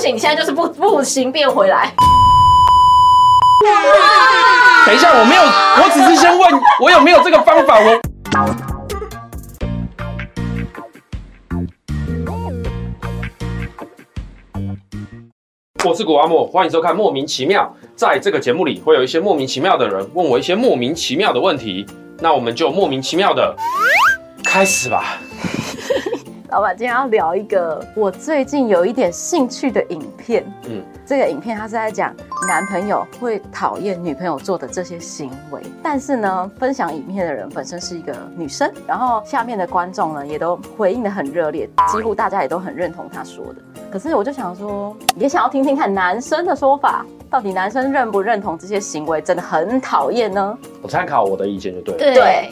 不行，你現在就是不不行，變回來。等一下，我沒有，我只是先問我有沒有這個方法我。我是谷阿莫，歡迎收看《莫名其妙》。在這個節目裡，會有一些莫名其妙的人問我一些莫名其妙的問題，那我們就莫名其妙的開始吧。 老闆，今天要聊一個我最近有一點興趣的影片。嗯，這個影片它是在講男朋友會討厭女朋友做的這些行為，但是呢，分享影片的人本身是一個女生，然後下面的觀眾呢也都回應得很熱烈，幾乎大家也都很認同她說的。可是我就想說，也想要聽聽看男生的說法，到底男生認不認同這些行為真的很討厭呢？我參考我的意見就對了。對。對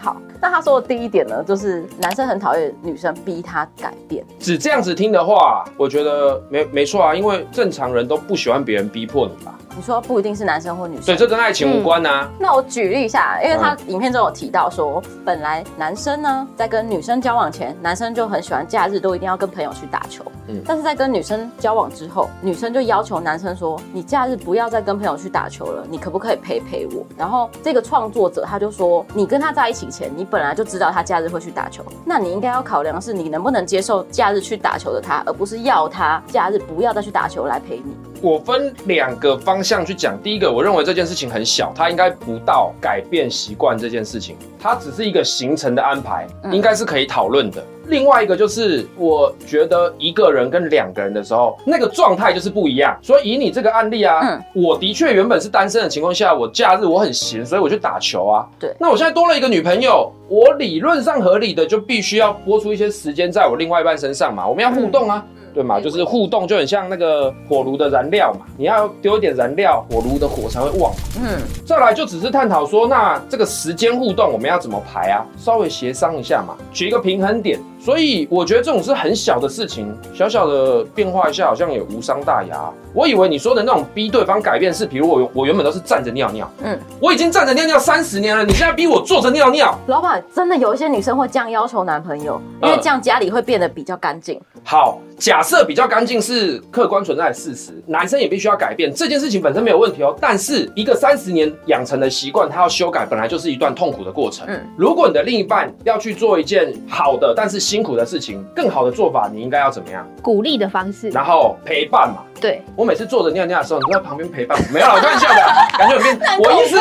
好，那他說的第一點呢，就是男生很討厭女生逼他改變。只這樣子聽的話，我覺得沒沒錯啊，因為正常人都不喜歡別人逼迫你吧？你說不一定是男生或女生，對，這跟愛情無關吶、啊嗯。那我舉例一下，因為他影片中有提到說，嗯、本來男生呢在跟女生交往前，男生就很喜歡假日都一定要跟朋友去打球。但是在跟女生交往之後，女生就要求男生說：“你假日不要再跟朋友去打球了，你可不可以陪陪我？”然後這個創作者他就說：“你跟他在一起前，你本來就知道他假日會去打球，那你應該要考量的是，你能不能接受假日去打球的他，而不是要他假日不要再去打球來陪你。”我分兩個方向去講，第一個，我認為這件事情很小，他應該不到改變習慣這件事情，它只是一個行程的安排，應該是可以討論的。嗯另外一個就是，我覺得一個人跟兩個人的時候，那個狀態就是不一樣。所以以你這個案例啊，我的確原本是單身的情況下，我假日我很閒，所以我去打球啊。對，那我現在多了一個女朋友，我理論上合理的就必須要撥出一些時間在我另外一半身上嘛。我們要互動啊，對嘛？就是互動就很像那個火爐的燃料嘛，你要丟一點燃料，火爐的火才會旺。嗯，再來就只是探討說，那這個時間互動我們要怎麼排啊？稍微協商一下嘛，取一個平衡點。所以我覺得這種是很小的事情，小小的變化一下好像也無傷大雅。我以為你說的那種逼對方改變是，比如我我原本都是站着尿尿，嗯，我已經站着尿尿三十年了，你現在逼我坐着尿尿。老板真的有一些女生會這樣要求男朋友，因為這樣家裡會變得比較乾淨。嗯、好，假設比較乾淨是客觀存在的事實，男生也必須要改變這件事情本身沒有問題哦，但是一個三十年養成的習慣，他要修改本來就是一段痛苦的過程。嗯，如果你的另一半要去做一件好的，但是。辛苦的事情，更好的做法，你應該要怎麼樣？鼓勵的方式，然後陪伴嘛。對，我每次坐着尿尿的時候，你都在旁邊陪伴，沒有啊？開玩笑的。 感覺有變……我意思，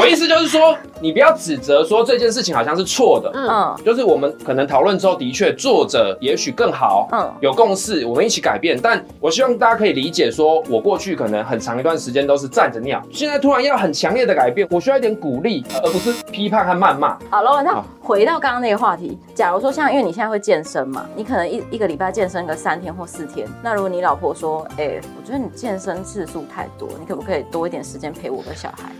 我意思就是說，你不要指責說這件事情好像是錯的，嗯，就是我們可能討論之後，的確坐着也許更好，嗯，有共識，我們一起改變。但我希望大家可以理解說，說我過去可能很長一段時間都是站着尿，現在突然要很強烈的改變，我需要一點鼓勵，而不是批判和謾罵。好了，那回到剛剛那個話題，假如說像，因為你現在會健身嘛，你可能一一個禮拜健身個三天或四天，那如果你老婆說，哎、欸。我覺得你健身次數太多，你可不可以多一點時間陪我和小孩？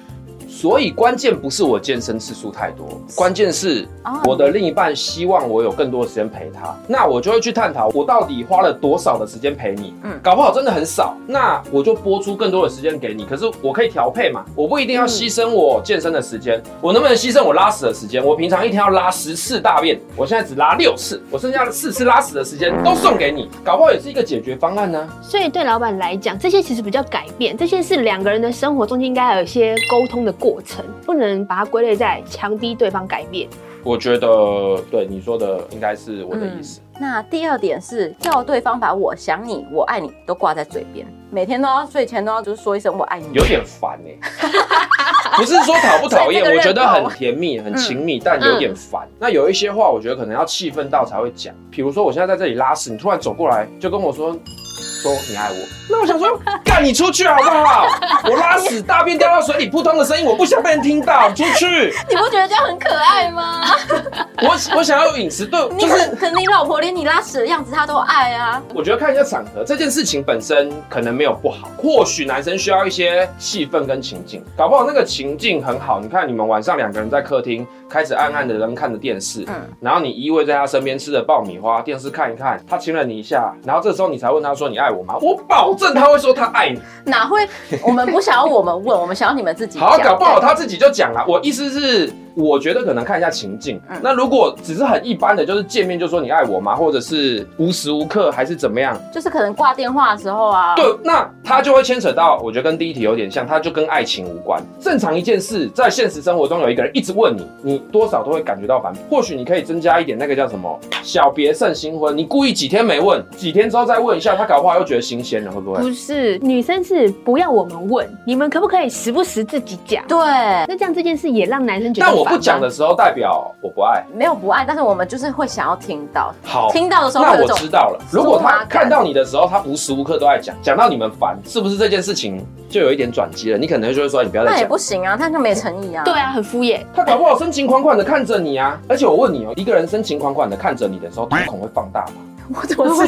所以關鍵不是我健身次數太多，關鍵是我的另一半希望我有更多的時間陪他，那我就會去探討我到底花了多少的時間陪你，嗯，搞不好真的很少，那我就撥出更多的時間給你。可是我可以調配嘛，我不一定要犧牲我健身的時間，嗯、我能不能犧牲我拉屎的時間？我平常一天要拉十次大便，我現在只拉六次，我剩下的四次拉屎的時間都送給你，搞不好也是一個解決方案呢、啊。所以對老板來講，這些其實比較改變，這些是兩個人的生活中間應該有一些溝通的關係。過程不能把它歸類在強逼對方改變。我覺得對你說的應該是我的意思。嗯、那第二點是叫對方把我想你、我愛你都掛在嘴邊，每天都要睡前都要就是說一聲我愛你。有點煩呢、欸， 不是說討不討厭， 我覺得很甜蜜、很親密，嗯、但有點煩。嗯、那有一些話，我覺得可能要氣氛到才會講，比如說我現在在這裡拉屎，你突然走過來就跟我說。說你愛我，那我想說幹你出去好不好？我拉屎大便掉到水裡撲通的聲音，我不想被人聽到，出去！你不覺得這樣很可愛嗎？我我想要有隱私，對，就是你可你老婆連你拉屎的樣子她都愛啊。我覺得看一下場合，這件事情本身可能沒有不好，或許男生需要一些氣氛跟情境，搞不好那個情境很好。你看你們晚上兩個人在客廳。開始暗暗的，人看着電視，嗯、然後你依偎在他身邊，吃的爆米花，電視看一看，他親了你一下，然後這時候你才問他說：“你愛我嗎？”我保證他會說他愛你，哪會？我們不想要我們問， 我們想要你們自己講，好，搞不好對他自己就講了。我意思是。我覺得可能看一下情境，嗯，那如果只是很一般的就是見面就說你愛我嗎？或者是無時無刻還是怎麼樣，就是可能掛電話的時候啊，對，那他就會牽扯到我覺得跟第一題有點像，他就跟愛情無關，正常一件事，在現實生活中有一個人一直問你，你多少都會感覺到煩，或許你可以增加一點那個叫什麼小別勝新婚，你故意幾天沒問，幾天之後再問一下，他搞不好又覺得新鮮了，會不會？不是，女生是不要我們問，你們可不可以時不時自己講？對，那這樣這件事也讓男生覺得，但我。不講的時候，代表我不愛。沒有不愛，但是我們就是會想要聽到。好，聽到的時候，那我知道了。如果他看到你的時候，他無時無刻都愛講，講到你們煩，是不是這件事情就有一點轉機了？你可能就會說，你不要再講。那也不行啊，他他沒誠意啊， 對啊，很敷衍。他搞不好深情款款的看着你啊。而且我問你哦，一個人深情款款的看着你的時候，瞳孔會放大嗎？我怎麼會？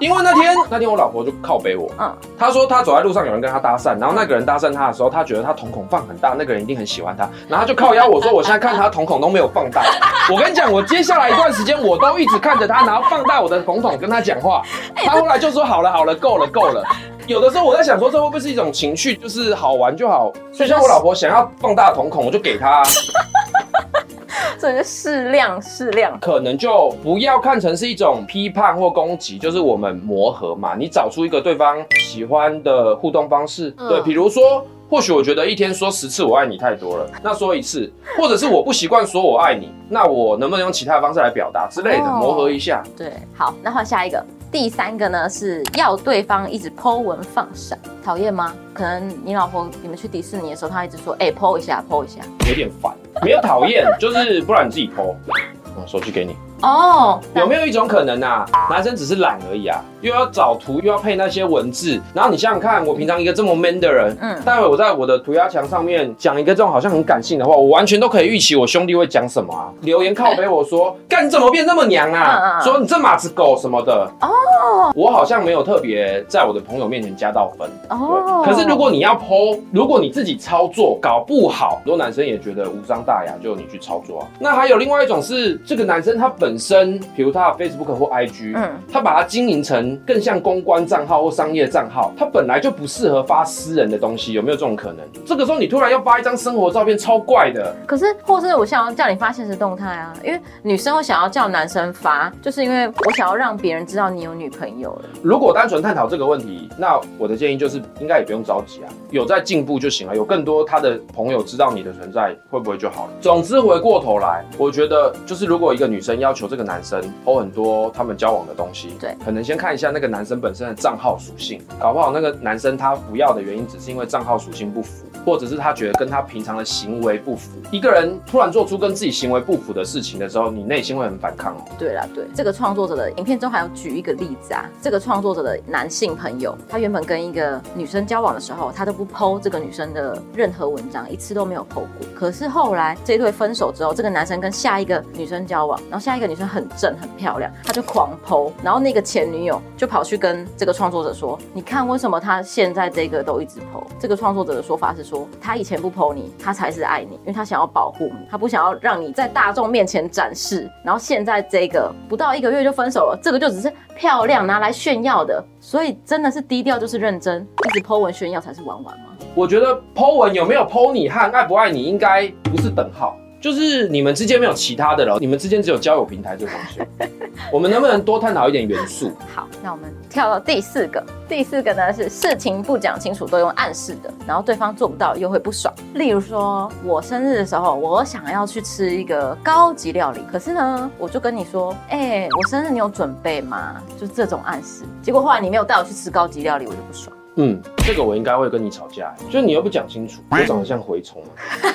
因為那天，那天我老婆就靠北我，啊，她說她走在路上，有人跟她搭訕，然後那個人搭訕她的時候，她覺得她瞳孔放很大，那個人一定很喜歡她，然後就靠腰我說，我現在看他瞳孔都沒有放大。我跟你講，我接下來一段時間我都一直看着他，然後放大我的瞳孔跟他講話。他後來就說：「好了好了，夠了夠了。”有的時候我在想說，這會不會是一種情緒，就是好玩就好。所以像我老婆想要放大瞳孔，我就給她啊。 適量，適量，可能就不要看成是一種批判或攻擊，就是我們磨合嘛。你找出一個對方喜歡的互動方式，嗯、對，比如說。或許我覺得一天說十次我愛你太多了，那說一次，或者是我不習慣說我愛你，那我能不能用其他的方式來表達之類的、oh, 磨合一下？對，好，那換下一個，第三個呢是要對方一直 po 文放閃，討厭嗎？可能你老婆你們去迪士尼的時候，她一直說，哎 po 一下 po 一下，一下有點煩，沒有討厭， 就是不然你自己 po，我手機給你。哦、oh, right. 嗯，有沒有一種可能啊？男生只是懶而已啊，又要找圖，又要配那些文字。然後你想想看，我平常一個這麼 man 的人，嗯，待會我在我的塗鴉牆上面講一個這種好像很感性的話，我完全都可以預期我兄弟會講什麼啊。留言靠北我說，幹 你怎麼變那麼娘啊？Uh, uh. 說你這馬子狗什麼的。哦，oh. 我好像沒有特別在我的朋友面前加到分。哦，oh. 可是如果你要 po，如果你自己操作搞不好，很多男生也覺得無傷大雅，就你去操作。那還有另外一種是，這個男生他本。本身，譬如他的 Facebook 或 IG，嗯，他把它經營成更像公關賬號或商業賬號，他本來就不適合發私人的東西，有沒有這種可能？這個時候你突然要發一張生活照片，超怪的。可是，或是我想要叫你發現實動態啊，因為女生會想要叫男生發，就是因為我想要讓別人知道你有女朋友了。如果單純探討這個問題，那我的建議就是，應該也不用着急啊，有在進步就行了，有更多他的朋友知道你的存在，會不會就好了？總之，回過頭來，我覺得就是如果一個女生要。求這個男生 po 很多他們交往的東西，對，可能先看一下那個男生本身的賬號屬性，搞不好那個男生他不要的原因只是因為賬號屬性不符，或者是他覺得跟他平常的行為不符。一個人突然做出跟自己行為不符的事情的時候，你內心會很反抗哦。對啦，對。這個創作者的影片中還有舉一個例子啊，這個創作者的男性朋友，他原本跟一個女生交往的時候，他都不 po 這個女生的任何文章，一次都沒有 po 過。可是後來這一對分手之後，這個男生跟下一個女生交往，然後下一個。女生很正很漂亮，他就狂 po，然後那個前女友就跑去跟這個創作者說，你看為什麼他現在這個都一直 po？這個創作者的說法是說，他以前不 po 你，他才是愛你，因為他想要保護你，他不想要讓你在大眾面前展示，然後現在這個不到一個月就分手了，這個就只是漂亮拿來炫耀的，所以真的是低調就是認真，一直 po 文炫耀才是玩玩嗎？我覺得 po 文有沒有 po 你和愛不愛你應該不是等號。就是你們之間沒有其他的了，你們之間只有交友平台這東西。我們能不能多探討一點元素？ 好，那我們跳到第四個。第四個呢，是事情不講清楚都用暗示的，然後對方做不到又會不爽。例如說我生日的時候，我想要去吃一個高級料理，可是呢，我就跟你說，哎、欸，我生日你有準備嗎？就是這種暗示，結果後來你沒有帶我去吃高級料理，我就不爽。嗯，這個我應該會跟你吵架，就你又不講清楚，我長得像蛔蟲嗎？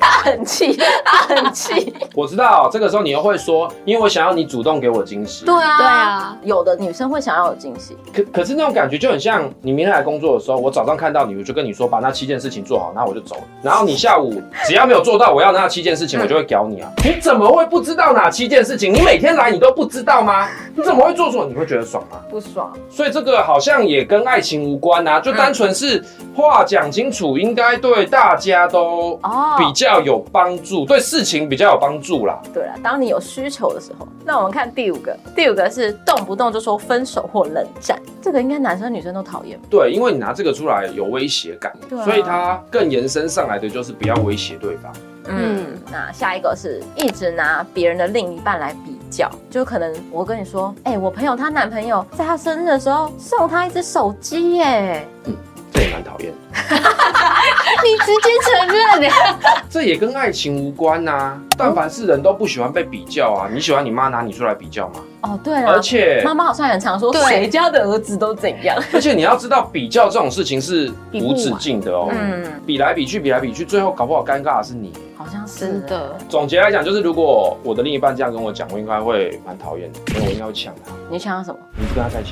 他很氣，他很氣。我知道、哦，這個時候你又會說，因為我想要你主動給我驚喜。對啊，對啊，有的女生會想要有驚喜。可可是那種感覺就很像，你明天來工作的時候，我早上看到你，我就跟你說把那七件事情做好，那我就走了。然後你下午 只要沒有做到，我要那七件事情，嗯、我就會屌你啊！你怎麼會不知道哪七件事情？你每天來你都不知道嗎？你 怎麼會做錯？你會覺得爽嗎？不爽。所以這個好像也跟愛。愛情無關啊，就單純是話講清楚，嗯、應該對大家都比較有幫助，哦、對事情比較有幫助啦。對啦，當你有需求的時候，那我們看第五個，第五個是動不動就說分手或冷戰，這個應該男生女生都討厭。對，因為你拿這個出來有威脅感，啊、所以他更延伸上來的就是不要威脅對方。嗯，那下一個是一直拿別人的另一半來比較，就可能我跟你說，哎、欸，我朋友她男朋友在她生日的時候送她一支手機耶、欸，嗯，這也蠻討厭， 你直接承認了、欸，這也跟愛情無關吶、啊。但凡是人都不喜歡被比較啊！你喜歡你媽拿你出來比較嗎？哦，對啊，而且媽媽好像很常說，誰家的兒子都怎樣。對 而且你要知道，比較這種事情是無止境的哦。啊、嗯，比來比去，比來比去，最後搞不好尷尬的是你。好像是的。總結來講，就是如果我的另一半這樣跟我講，我應該會蠻討厭的。所以我應該會搶他。你搶他什麼？你不跟他再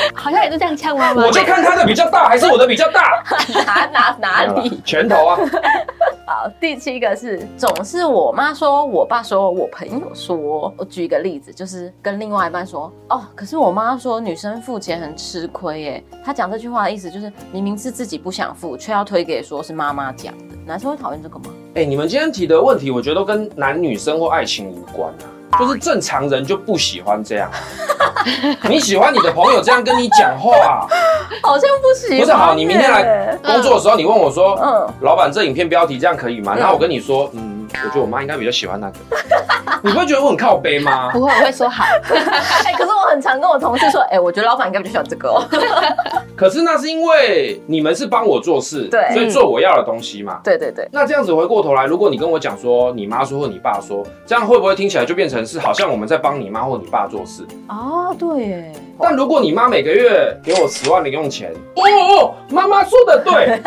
搶， 好像也是這樣嗆媽媽。我就看他的比較大還是我的比較大。 哪哪哪裡？拳頭啊。 好，第七個是總是我媽說，我爸說，我朋友說。我舉一個例子，就是跟另外一半說哦，可是我媽說女生付錢很吃虧耶。她講這句話的意思就是明明是自己不想付，卻要推給說是媽媽講的。男生會討厭這個嗎？哎、欸，你們今天提的問題，我覺得都跟男女生或愛情無關啊，就是正常人就不喜歡這樣。 你喜歡你的朋友這樣跟你講話、啊、 好像不行。欸、不是好，你明天來工作的時候，你問我說：“嗯，老闆，這影片標題這樣可以嗎？”嗯、然後我跟你說，嗯。我覺得我媽應該比較喜歡那個。你不會覺得我很靠背嗎？不會，我會說好。哎，可是我很常跟我同事說，哎、欸，我覺得老闆應該比較喜歡這個、哦。 可是那是因為你們是幫我做事，對，所以做我要的東西嘛。嗯、對對對。那這樣子回過頭來，如果你跟我講說你媽說或你爸說，這樣會不會聽起來就變成是好像我們在幫你媽或你爸做事啊、哦？對耶。但如果你媽每個月給我十萬零用錢，哦哦，媽、哦、媽說的對。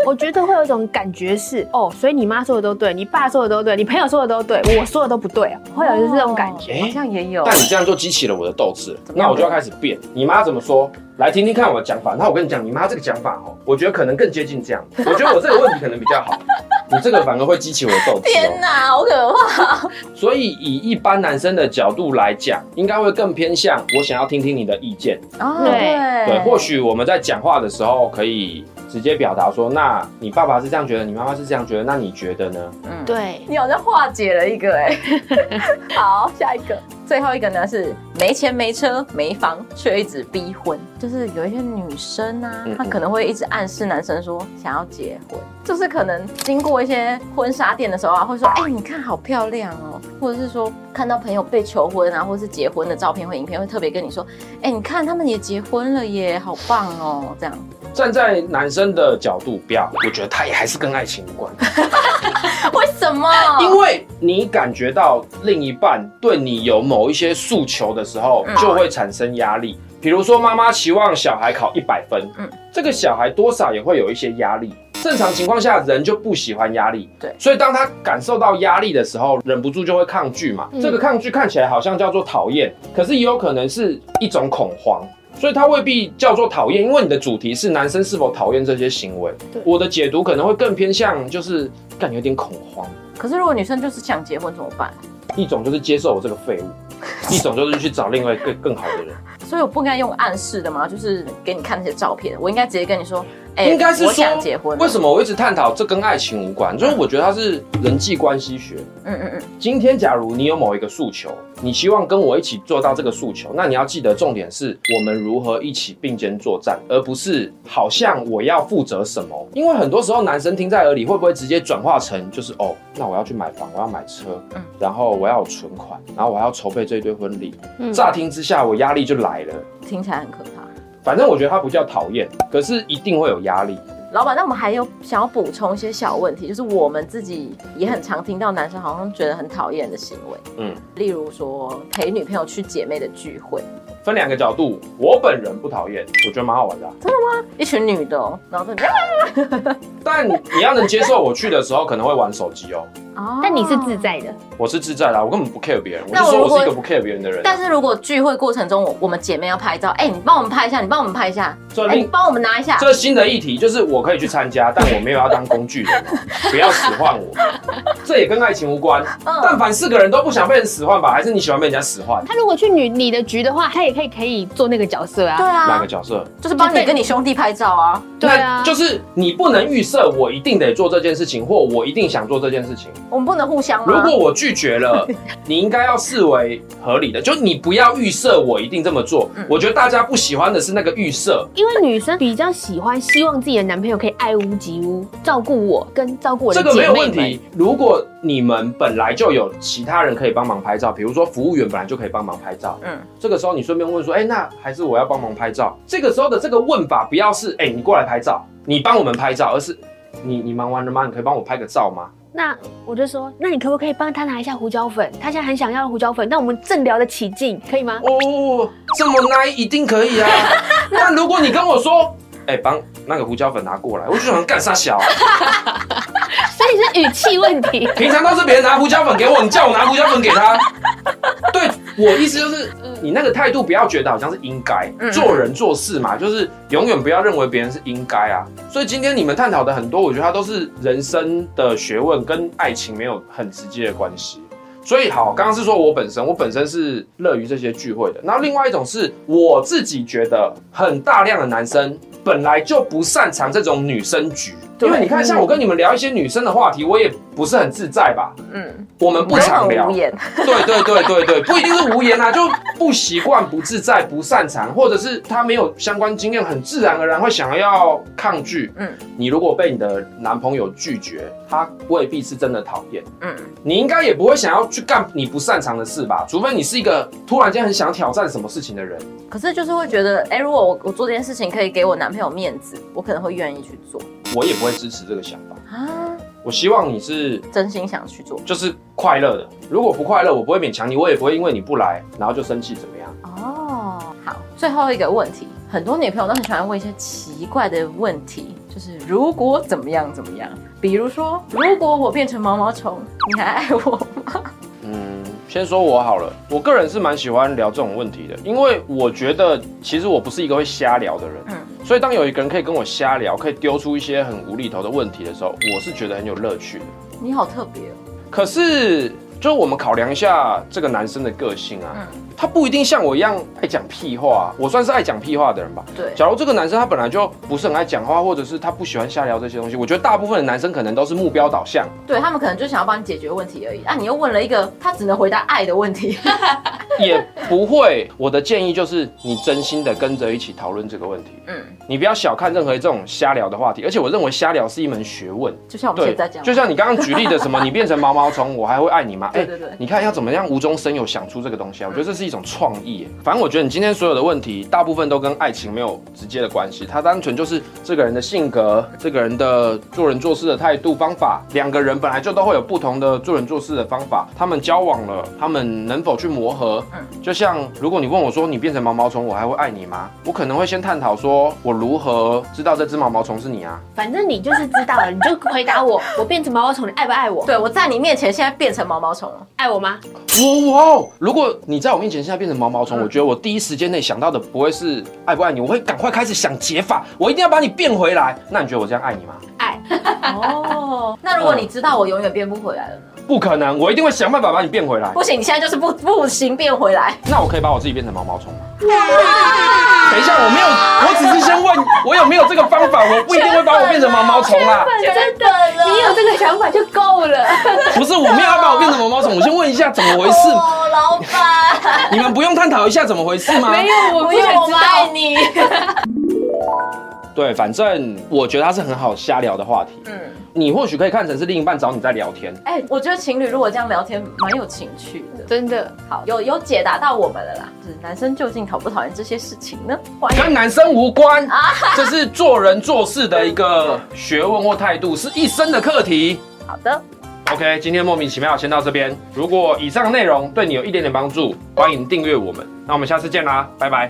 我覺得會有一種感覺是哦，所以你媽說的都對，你爸說說的都對，你朋友說的都對，我說的都不對、啊，會有就是這種感覺，欸、好像也有。但你這樣就激起了我的鬥志，那我就要開始變。你媽怎麼說？來聽聽看我的講法，然後我跟你講，你媽這個講法哦、喔，我覺得可能更接近這樣。我覺得我這個問題可能比較好， 你這個反而會激起我的鬥志、喔。天哪，好可怕！所以以一般男生的角度來講，應該會更偏向我想要聽聽你的意見。哦，對對，或許我們在講話的時候可以直接表達說：那你爸爸是這樣覺得，你媽媽是這樣覺得，那你覺得呢？嗯，對，你好像化解了一個哎、欸， 好，下一個。最後一個呢，是沒錢沒車沒房，卻一直逼婚。就是有一些女生啊，嗯嗯，她可能會一直暗示男生說，想要結婚。就是可能經過一些婚紗店的時候啊，會說哎、欸、你看好漂亮哦、喔，或者是說看到朋友被求婚啊，或者是結婚的照片或影片，會特別跟你說哎、欸、你看他們也結婚了耶，好棒哦、喔、這樣。站在男生的角度，不要，我覺得他也還是跟愛情無關。 為什麼？因為你感覺到另一半對你有某一些訴求的時候，就會產生壓力。比如說，嗯、媽媽期望小孩考一百分，嗯、這個小孩多少也會有一些壓力。正常情況下，人就不喜歡壓力，對。所以當他感受到壓力的時候，忍不住就會抗拒嘛。嗯、這個抗拒看起來好像叫做討厭，可是也有可能是一種恐慌，所以他未必叫做討厭。因為你的主題是男生是否討厭這些行為，對我的解讀可能會更偏向就是。幹有點恐慌。可是如果女生就是想結婚怎麼辦？一種就是接受我這個廢物，一種就是去找另外一個更好的人。 所以我不應該用暗示的嗎？就是給你看那些照片，我應該直接跟你說。應該是說，為什麼我一直探討這跟愛情無關？就是我覺得它是人際關係學。嗯嗯嗯。今天假如你有某一個訴求，你希望跟我一起做到這個訴求，那你要記得重點是我們如何一起並肩作戰，而不是好像我要負責什麼。因為很多時候男生聽在耳裡，會不會直接轉化成就是哦、喔，那我要去買房，我要買車，嗯，然後我要有存款，然後我還要籌備這一堆婚禮。嗯。乍聽之下，我壓力就來了。聽起來很可反正我覺得他不叫討厭，可是一定會有壓力。老板，那我們還有想要補充一些小問題，就是我們自己也很常聽到男生好像覺得很討厭的行為，嗯，例如說陪女朋友去姐妹的聚會。分兩個角度，我本人不討厭，我覺得蠻好玩的，啊。真的嗎？一群女的，喔，然後這裡， 但你要能接受，我去的時候可能會玩手機哦，喔。哦，但你是自在的，我是自在的，啊，我根本不 care 別人，我就說我是一個不 care 別人的人，啊。但是如果聚會過程中，我我們姐妹要拍照，哎，欸，你幫我們拍一下，你幫我們拍一下，所以你幫、欸、我們拿一下。這新的議題，就是我可以去參加， 但我沒有要當工具人，不要使喚我。 這也跟愛情無關。嗯，但凡是個人都不想被人使喚吧？還是你喜歡被人家使喚？他如果去女你，你的局的話，嘿。可以可以，做那個角色啊。對啊，哪個角色？就是幫你跟你兄弟拍照啊。對啊，就是你不能預設我一定得做這件事情，或我一定想做這件事情。我們不能互相。如果我拒絕了， 你應該要視為合理的，就你不要預設我一定這麼做。嗯、我覺得大家不喜歡的是那個預設，因為女生比較喜歡希望自己的男朋友可以愛屋及烏，照顧我跟照顧我的。這個沒有問題。如果你們本來就有其他人可以幫忙拍照，比如說服務員本來就可以幫忙拍照，嗯，這個時候你順便問說，哎、欸，那還是我要幫忙拍照。這個時候的這個問法，不要是，哎、欸，你過來拍照，你幫我們拍照，而是你你忙完了嗎？你可以幫我拍個照嗎？那我就說，那你可不可以幫他拿一下胡椒粉？他現在很想要胡椒粉。那我們正聊得起勁，可以嗎？哦，這麼 nice 一定可以啊。那 如果你跟我說，哎、欸，幫那個胡椒粉拿過來，我就想幹啥小？ 所以是語氣問題。平常都是別人拿胡椒粉給我，你叫我拿胡椒粉給他。 對，我意思就是，你那個態度不要覺得好像是應該做人做事嘛，就是永遠不要認為別人是應該啊。所以今天你們探討的很多，我覺得它都是人生的學問，跟愛情沒有很直接的關係。所以好，剛剛是說我本身，我本身是樂於這些聚會的。然後另外一種是我自己覺得很大量的男生本來就不擅長這種女生局。因為你看，像我跟你們聊一些女生的話題，我也不是很自在吧？嗯，我們不常聊。對對對對對，對，不一定是無言啊，就不習慣、不自在、不擅長，或者是她沒有相關經驗，很自然而然會想要抗拒。嗯，你如果被你的男朋友拒絕，他未必是真的討厭。嗯，你應該也不會想要去幹你不擅長的事吧？除非你是一個突然間很想挑戰什麼事情的人。可是就是會覺得，哎，如果我我做這件事情可以給我男朋友面子，我可能會願意去做。我也不會支持這個想法啊！我希望你是，是真心想去做，就是快樂的。如果不快樂，我不會勉強你，我也不會因為你不來然後就生氣怎麼樣。哦，好，最後一個問題，很多女朋友都很喜歡問一些奇怪的問題，就是如果怎麼樣怎麼樣。比如說，如果我變成毛毛蟲，你還愛我嗎？嗯，先說我好了，我個人是蠻喜歡聊這種問題的，因為我覺得其實我不是一個會瞎聊的人。嗯。所以，當有一個人可以跟我瞎聊，可以丟出一些很無厘頭的問題的時候，我是覺得很有樂趣的。你好特別哦。可是，就我們考量一下這個男生的個性啊。嗯他不一定像我一樣愛講屁話，我算是愛講屁話的人吧。對，假如這個男生他本來就不是很愛講話，或者是他不喜歡瞎聊這些東西，我覺得大部分的男生可能都是目標導向，對，他們可能就想要幫你解決問題而已。那、啊、你又問了一個他只能回答愛的問題，也不會。我的建議就是你真心的跟着一起討論這個問題。嗯，你不要小看任何這種瞎聊的話題，而且我認為瞎聊是一門學問，就像我們現在講，就像你剛剛舉例的什麼，你變成毛毛蟲，我還會愛你嗎？哎、欸，對對對，你看要怎麼樣無中生有想出這個東西、啊？我覺得這是。一種創意，反正我覺得你今天所有的問題，大部分都跟愛情沒有直接的關係。它單純就是這個人的性格，這個人的做人做事的態度、方法，兩個人本來就都會有不同的做人做事的方法，他們交往了，他們能否去磨合？就像如果你問我說你變成毛毛蟲，我還會愛你嗎？我可能會先探討說我如何知道這隻毛毛蟲是你啊？反正你就是知道了，你就回答我，我變成毛毛蟲，你愛不愛我？對，我在你面前現在變成毛毛蟲了，愛我嗎？哇哇！如果你在我面前。現在變成毛毛蟲，我覺得我第一時間內想到的不會是愛不愛你，我會趕快開始想解法，我一定要把你變回來。那你覺得我這樣愛你嗎？哦，那如果你知道我永遠變不回來了？哦，不可能，我一定會想辦法把你變回來。不行，你現在就是不不行變回來。那我可以把我自己變成毛毛蟲嗎？哇等一下，我沒有，我只是先問我有沒有這個方法，我不一定會把我變成毛毛蟲啦。真的，你有這個想法就夠了。不是，我沒有要把我變成毛毛蟲，我先問一下怎麼回事。哦，老闆， 你們不用探討一下怎麼回事嗎？沒有，沒有，我不，我不愛你。對，反正我覺得他是很好瞎聊的話題。嗯，你或許可以看成是另一半找你在聊天。哎、欸，我覺得情侶如果這樣聊天，蠻有情趣的，真的。好，有有解答到我們了啦。就是男生究竟討不討厭這些事情呢？跟男生無關啊，這是做人做事的一個學問或態度，是一生的課題。嗯、好的，OK，今天莫名其妙先到這邊。如果以上內容對你有一點點幫助，歡迎訂閱我們。嗯、那我們下次見啦，拜拜。